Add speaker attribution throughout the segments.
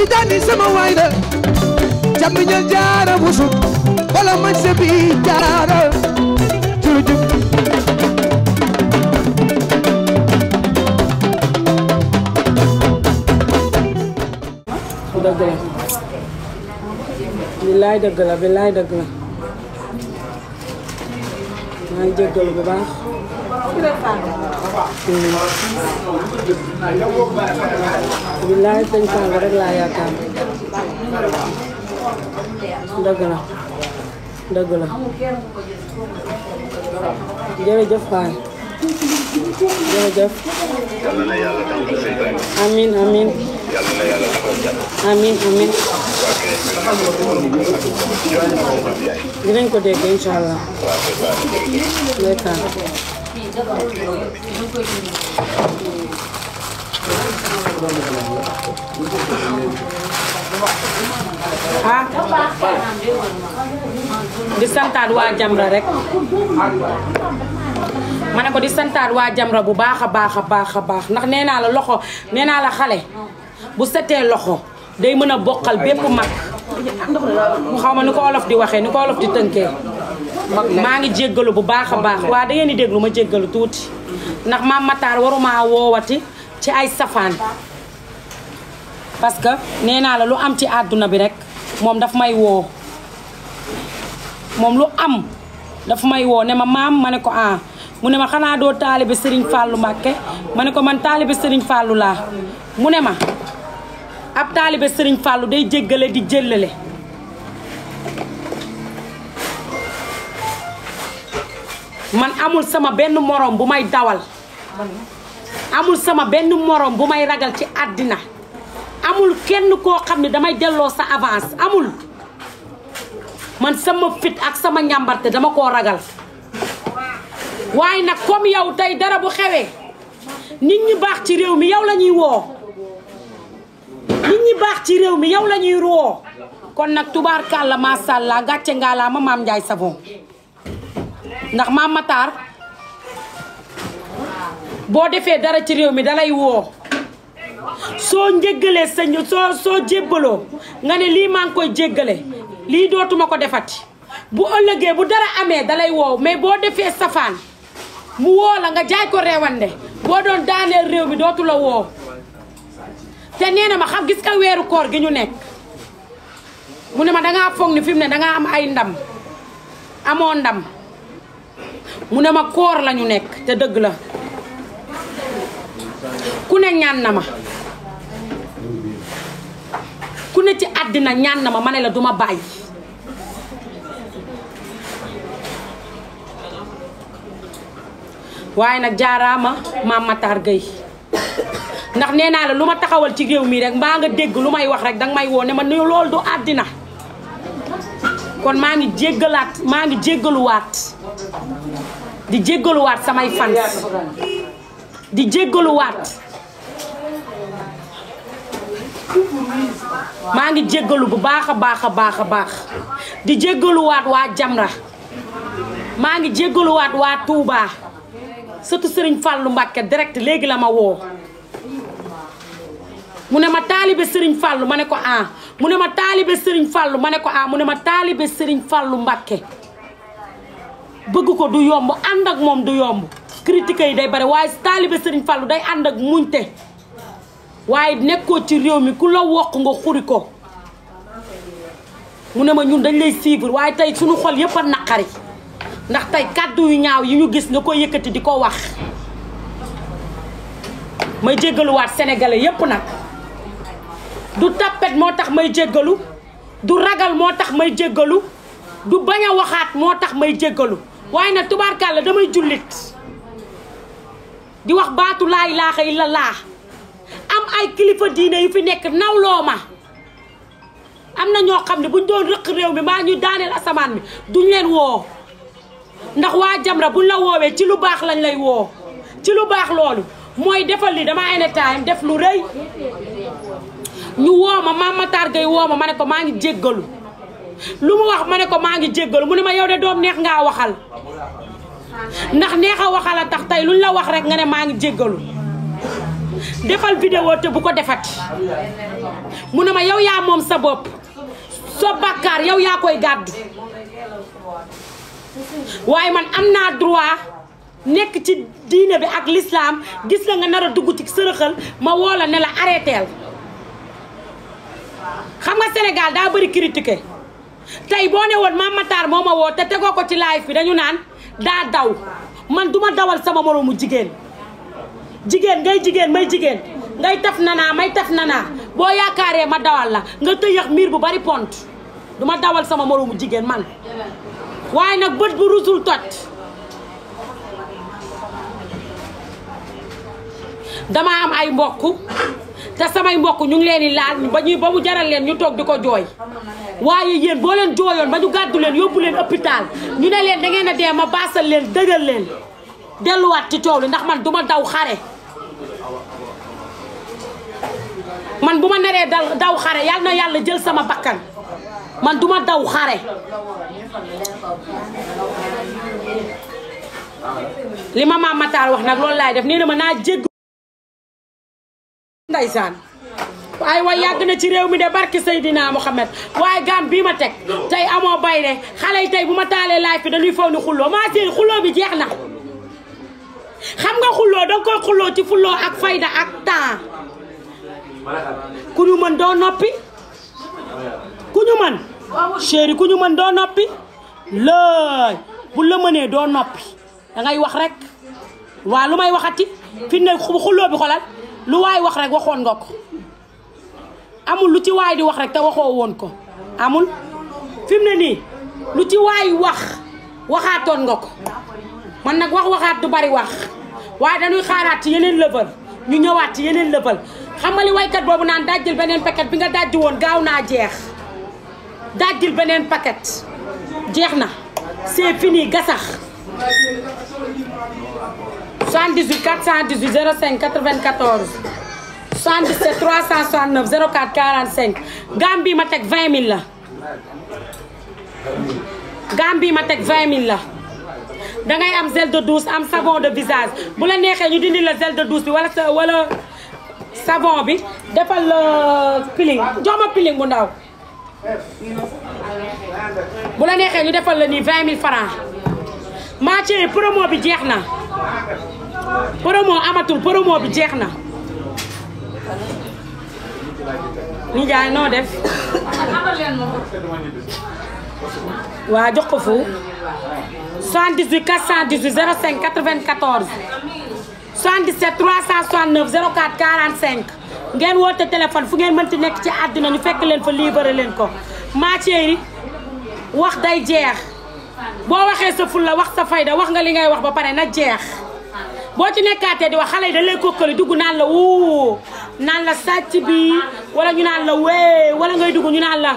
Speaker 1: tijaani sama waay la jamiñal jaara busu wala man sebi jaara jurujub dëgg la billaay dëgg la billaay dëgg la maa ngi jéggalu bu billaay sëñ Fall rek laa yaakaar la dëgg la jërëjëf Fall jërëjëf amin amin amin amin dinañ ko dégg ah di santaat waa Jamra rek ma ne ko di santaat waa Jamra bu baax a baax a baax a baax ndax nee naa la loxo nee naa la xale bu setee loxo day mën a bokkal bépp mag xaw ma ni ko olof di waxee ni ko olof di tënkee maa ngi jéggalu bu baax a baax waa da ngeen di déglu ma jéggalu tuuti ndax maam Matar waruma woowati ci ay safaan parce que nee naa la lu am ci àdduna bi rek moom daf may woo moom lu am daf may woo ne ma maam ma ne ko ah mu ne ma xanaa doo taalibe Serigne Fallou Mbacké ma ne ko man taalibe Serigne Fallou laa mu ne ma ab taalibe Serigne Fallou day jéggale di jëllale man amul sama benn moroom bu may dawal amul sama benn moroom bu may ragal ci àddina amul kenn koo xam ne damay delloo sa avance amul man sama fit ak sama njàmbarte dama koo ragal waaye nag comme yow tey dara bu xewee nit ñi baax ci réew mi yow la ñuy woo nit ñi baax ci réew mi yow la ñuy woo kon nag tubaarkàlla maasàllaa gàcce ngaa laa ma maam Ndiaye Savon ndax maam Matar boo defee dara ci réew mi dalay woo soo njéggalee sa soo soo jébbaloo nga ne lii maa ngi koy jéggale lii dootuma ko defati bu ëllëgee bu dara amee dalay woo mais boo defee safaan mu woo la nga jaay ko reewande boo doon daaneel réew mi dootula woo te nee na ma xam gis ka weeru koor gi ñu nekk mu ne ma dangaa foog ni fi ne dangaa am ay ndam amoo ndam mu ne ma koor la ñu nekk te dëgg la ku ne ñaan na ma ku ne ci àddina ñaan na ma ma ne la duma bàyyi waaye nag jaaraama maam Matar Gueye ndax nee naa la lu ma taxawal ci géew mi rek mbaa ngi dégg lu may wax rek danga may woo ne ma ne loolu du àddina kon maa ngi jéggalaat maa ngi jéggaluwaat di jéggaluwaat samay fans di jéggaluwaat maa ngi jéggalu bu baax a baax a baax a baax di jéggaluwaat waa Jamra maa ngi jéggaluwaat waa Touba surtout sëriñ Fallou Mbacké direct léegi la ma woo mu ne ma taalibe Serigne Fallou ma ne ko ah mu ne ma taalibe Serigne Fallou ma ne ko ah mu ne ma taalibe Serigne Fallou Mbacké bëgg ko du yomb ànd ak moom du yomb critique yi day bare waaye taalibe Serigne Fallou day ànd ak muñte waaye nekkoo ci réew mi ku la wokk nga xuri ko mu ne ma ñun dañ lay suivre waaye tey suñu xol yëpp a naqari ndax tey kàddu yu ñaaw yi ñu gis nga ko yëkkati di ko wax may jéggaluwaat sénégalais yépp nag du tappet moo tax may jéggalu du ragal moo tax may jéggalu du bañ waxaat moo tax may jéggalu waaye nag tubaarkàlla damay jullit di wax baatu laa la laa am ay kilifa diine yu fi nekk nawloo ma am na ñoo xam ne buñ doon rëq réew mi mbaa ñuy daaneel asamaan mi duñ leen woo ndax waa Jamra buñ la woowee ci lu baax lañ lay woo ci lu baax loolu mooy defal li dama en def lu rëy ñu woo ma maa Matar Gueye woo ma ma ne ko maa ngi jéggalu lu mu wax ma ne ko maa ngi jéggalu mu ne ma yow de doom neex ngaa waxal ndax neex a waxal a tax tey luñ la wax rek nga ne maa ngi jéggalu defal vidéo te bu ko defati mu ne ma yow yaa moom sa bopp soo bàkkaar yow yaa koy gàddu waaye man am naa droit nekk ci diine bi ak lislaam gis la nga nar a dugg ci sërëxal ma woo ne la arrêteel xam nga Sénégal daa bëri critiquer tey boo ne woon Mame Matar moo ma woo te tegoo ko ci live bi dañu naan daa daw man duma dawal sama moroomu jigéen jigéen ngay jigéen may jigéen ngay taf nanaa may taf nanaa boo yaakaaree ma dawal la nga tëyëx miir bu bari pont duma dawal sama moroomu jigéen man waaye nag bët bu rusul tot dama am ay mbokk te samay mbokk ñu ngi leen di laal ba ñuy ba mu jaral leen ñu toog di ko jooy waaye yéen boo leen jooyoon ba ñu gàddu leen yóbbu leen hôpital ñu ne leen da ngeen a dee ma baasal leen dëgal leen delluwaat ci coow li ndax man duma daw xare man bu ma neree dal daw xare yal na yàlla jël sama bakkan man duma daw xare li ma maam Matar wax nag loolu laay def nee na ma naa jégg ndaysaan waaye way yàgg na ci réew mi de barki Seydina Mohamed waaye gaan bii ma teg tey amoo bay xale yi tey bu ma taalee laaj bi dañuy foog ni xulloo maa seen xulloo bi jeex na xam nga xulloo danga koy xulloo ci fulloo ak fayda ak temps ku ñu mën doo noppi ku ñu mën chéri ku ñu mën doo noppi lëy bu la mënee doo noppi dangay wax rek waa lu may waxati fi ne xulloo bi xolal lu waay wax rek waxoon nga ko amul lu ci waay di wax rek te waxoo woon ko amul fi mu ne nii lu ci waay wax waxaatoon nga ko man nag wax waxaat du bari wax waaye dañuy xaaraat ci yeneen level ñu ñëwaat ci yeneen level xam nga li waykat boobu naan dajjil beneen paquet bi nga dajji woon gaaw naa jeex dajjil beneen paquet jeex na c'est fini gasax cent cent 78 418 05 94 77 369 04 45 gam bi ma teg 20000 la gam bi ma teg 20000 la dangay am gel de douche am savon de visage bu la neexee ñu dindi la gel de douche bi wala sa wala savon bi defal la peeling jox ma peeling bu ndaw bu la neexee ñu defal la nii 20000 francs maa chérie promo bi jeex na promo amatul promo bi jeex na. nijaay noo def. waa jox ko fu. 78 418 05 94. 77 369 04 45. ngeen woote téléphone fu ngeen mënti nekk ci àddina ñu fekk leen fa libéré leen ko. ma wax day jeex. boo waxee sa fulla wax sa fayda wax nga li ngay wax ba pare na jeex. boo ci nekkaatee di wax xale yi dañ lay kokkali dugg naan la wuu naan la sàcc bi wala ñu naan la wee ngay dugg ñu naan la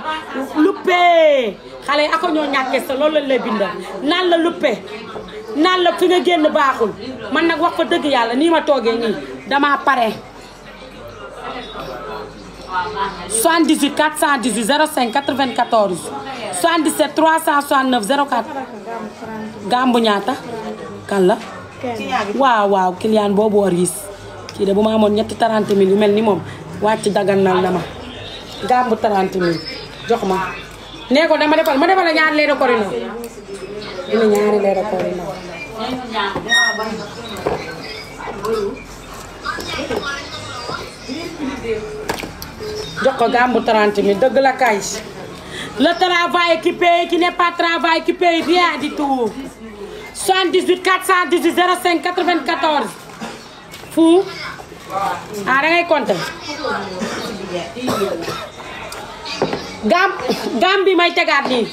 Speaker 1: luppee xale yi ako ñoo ñàkkee sa loolu lañ lay bindal naan la luppee naan la fi nga génn baaxul man nag wax fa dëgg yàlla nii ma toogee nii damaa pare 78 418 05 94 77 369 04 gambu ñaata kan la waaw waaw client boobu war kii de bu ma amoon ñetti 30 mille yu mel ni moom wàcc daganal na ma gàmbu 30 mille jox ma nee ko dama defal ma defal la ñaari leero korino ina jox ko gàmbu 30 mille dëgg la kay le travail qui paye qui n'est pas travail qui paye rien du tout 78 418 05 94 fu
Speaker 2: ah
Speaker 1: da ngay compter gam gam bi may tegaat nii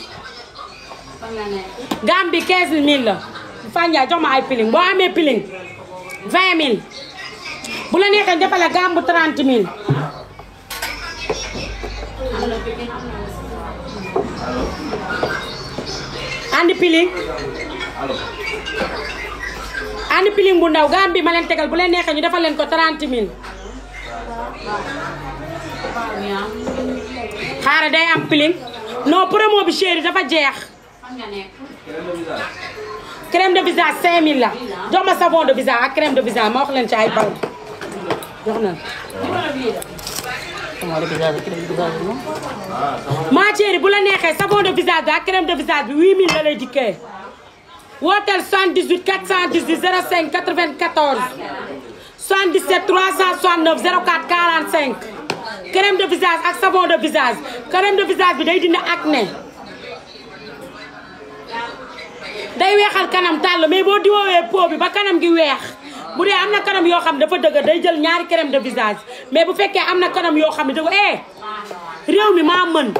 Speaker 1: gam bi 15000 la Fane jox ma ay piling boo amee piling 20000 bu la neexee defal la gam bu 30000. andi piling. ànd pilim bu ndaw gaan bi ma leen tegal bu leen neexee ñu defal leen ko 30 000 xaaral day am pilim non promo bi chéri dafa jeex crème de visage 5000 la jox ma savon de visage ak crème de visage ma wax leen ci ay bal jox na maa chéri bu la neexee savon de visage bi ak crème de visage bi 8000 la lay dikkee cent wooteel 78 418 cent 94 77 369 04 45 crème de visage ak savon de visage crème de visage bi day ak acné day weexal kanam tàll mais boo diwoowee peau bi ba kanam gi weex bu dee am na kanam yoo xam ne dafa dëgg day jël ñaari crème de visage mais bu fekkee am na kanam yoo xam ne dafa ko eh réew mi maa mën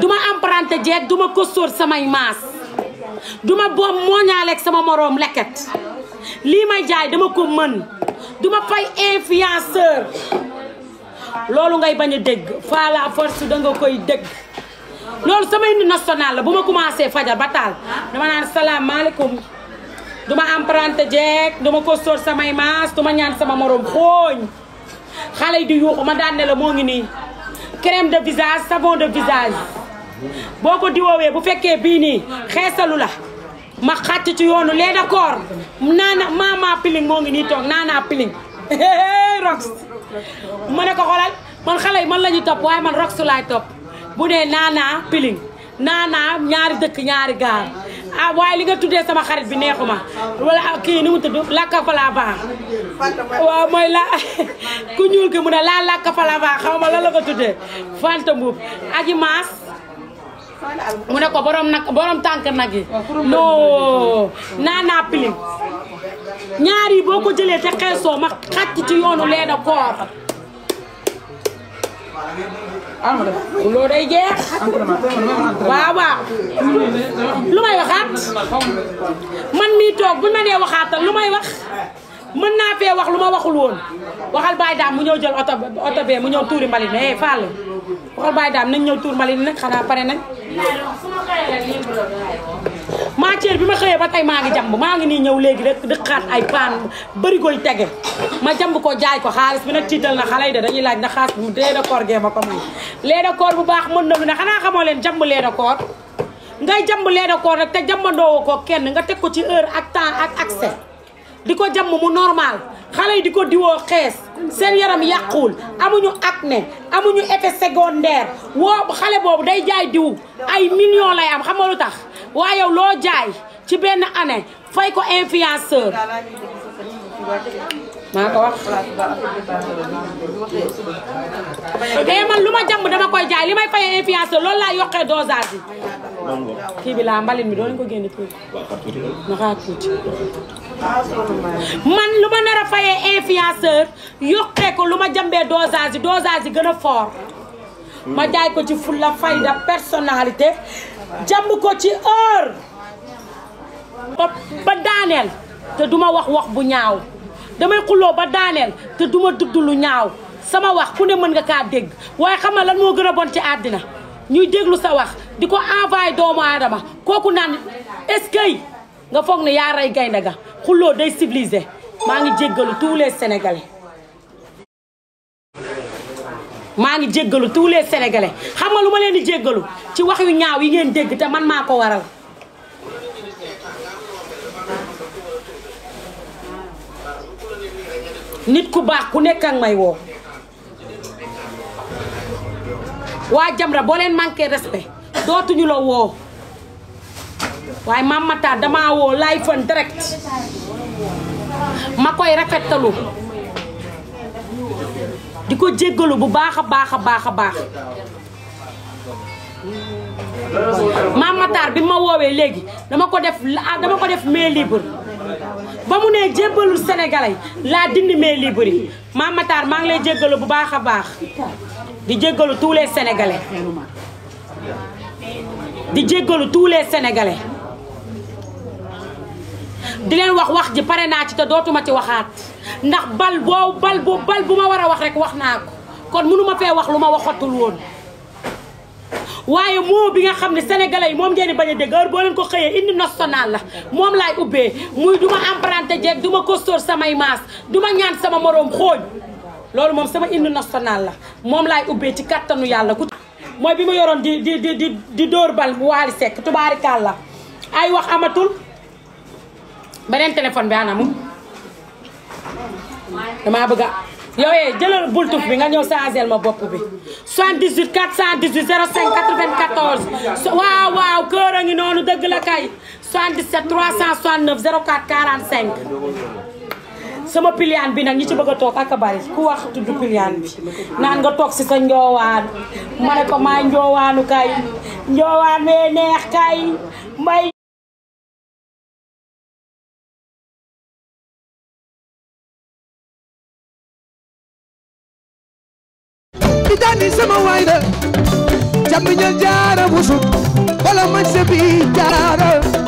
Speaker 1: duma emprunté jeeg duma ko sóor samay maas duma boom mooñaaleeg sama moroom lekket lii may jaay dama ko mën duma fay influenceur loolu ngay bañ a dégg fa la force danga koy dégg loolu sama hymne national la bu ma commencé fajar ba taal dama naan salaamaaleykum duma emprunté jeeg duma ko sóor samay maas duma ñaan sama moroom xooñ xale yi di yuuxu ma daan la moo ngi nii crème de visage savon de visage boo ko diwoowee bu fekkee bii nii xeesalu la ma xàcc ci yoonu lee d'accord naana mama piling moo ngi nii toog naanaa piling rox ma ne ko xolal man xale man la ñuy topp waaye man rox laay topp bu nee naanaa piling naanaa ñaari dëkk ñaari gaar ah waaye li nga tuddee sama xarit bi neexu ma wala ah, kii nu mu tudd lakka falava waaw mooy la ku ñuul ki mu ne ma la la ko tuddee fanta mbuub aji maas mu ne ko borom nag borom tànk nag yi oh, non naanaa pilim ñaar yi boo ko jëlee te xeesoo ma xàcc ci u leeda a loo day jeex waaw waaw lu may waxaat man mii toog buñ ma dee waxaatal lu may wax mën naa fee wax lu ma waxul woon waxal Baye Dame mu ñëw jël oto oto bee mu ñëw tuuri mbalit ma eh Fall waxal Baye Dame nañ ñëw tuur mbalit mi nag xanaa pare nañ. maa ceer bi ma xëyee ba tey maa ngi jamb maa ngi nii ñëw léegi rek dëkkaat ay paan bëri koy tege ma jamb ko jaay ko xaalis bi nag tiital na xale yi de dañuy laaj na xaalis bu lee da koor gee ma ko may lee bu baax mën na lu ne xanaa xamoo leen jamb lee da koor ngay jamb lee da te jambandoowo ko kenn nga teg ko ci heure ak temps ak accès di ko jàmm mu normal xale yi di ko diwoo xees seen yaram yàquwul amuñu acné amuñu effet secondaire woo xale boobu day jaay diw ay millions lay am xam nga lu tax waaye loo jaay ci benn année fay ko influenceur maa eh, man lu ma jàmb dama koy jaay li may fay influenceur loolu laa yokkee dosage kii bi laa mbalit mi doo leen ko génne tuuti. na a fayee lu ma jàmbee dosage yi gën a fort. jaay ko ci fulla fayda ko ci heure. ba ba daaneel te duma wax wax bu ñaaw. damay xuloo ba daaneel te duma dudd lu ñaaw sama wax ku ne mën nga kaa dégg waaye xam nga lan moo gën a bon ci àddina ñuy déglu sa wax di ko envoyé doomu aadama kooku naan est-ce que nga foog ne yaa rey gaynde ga xuloo day civilisé maa ngi jéggalu tous les maa ngi jéggalu tous les sénégalais xam nga lu ma leen di jéggalu ci wax yu ñaaw yi ngeen dégg te man maa ko waral. nit ku baax ku nekk ak may woo waa Jamra boo leen manqué respect dootuñu la woo waaye Mame Matar damaa woo live en direct ma koy rafetalu di ko jéggalu bu baax a baax a baax a baax Mame bi ma woowee léegi dama ko def ah, dama ko def main ba mu nee jébbalul sénégalais laa dindi mais libre yi Mame Matar maa ngi lay jéggalu bu baax a baax di jéggalu tous les sénégalais di jéggalu tous les di leen wax wax ji pare naa ci te dootuma ci waxaat ndax bal boo bal bu bal bu ma war a wax rek wax naa ko kon mënuma fee wax lu ma waxatul woon waaye moo bi nga xam ne sénégalais yi moom ngeen di bañ a dégg heure boo leen ko xëyee indi national la moom laay ubbee muy du ma emprunté duma du samay maas du ma ñaan sama moroom xooñ loolu moom sama indi national la moom laay ubbee ci kàttanu yàlla ku mooy bi ma yoroon di di door di di dóor bal waali sekk tubaarikaal la ay wax amatul beneen téléphone bi anamu damaa bëgg a yowee jëlal bultuf bi nga ñëw changel ma bopp bi 78 418 05 94 waaw waaw kër a ngi noonu dëgg la kay 77 369 04 45 sama piliyaan bi nag ñi ci bëgga toog ak a bari ku wax tudd piliyaan bi naan nga toog si sa njoowaan ma ne ko maa njoowaanu kay njoowaan wee neex kay mbay di sama waay da jàmm ñal jaara busu wala mañ se bi jaara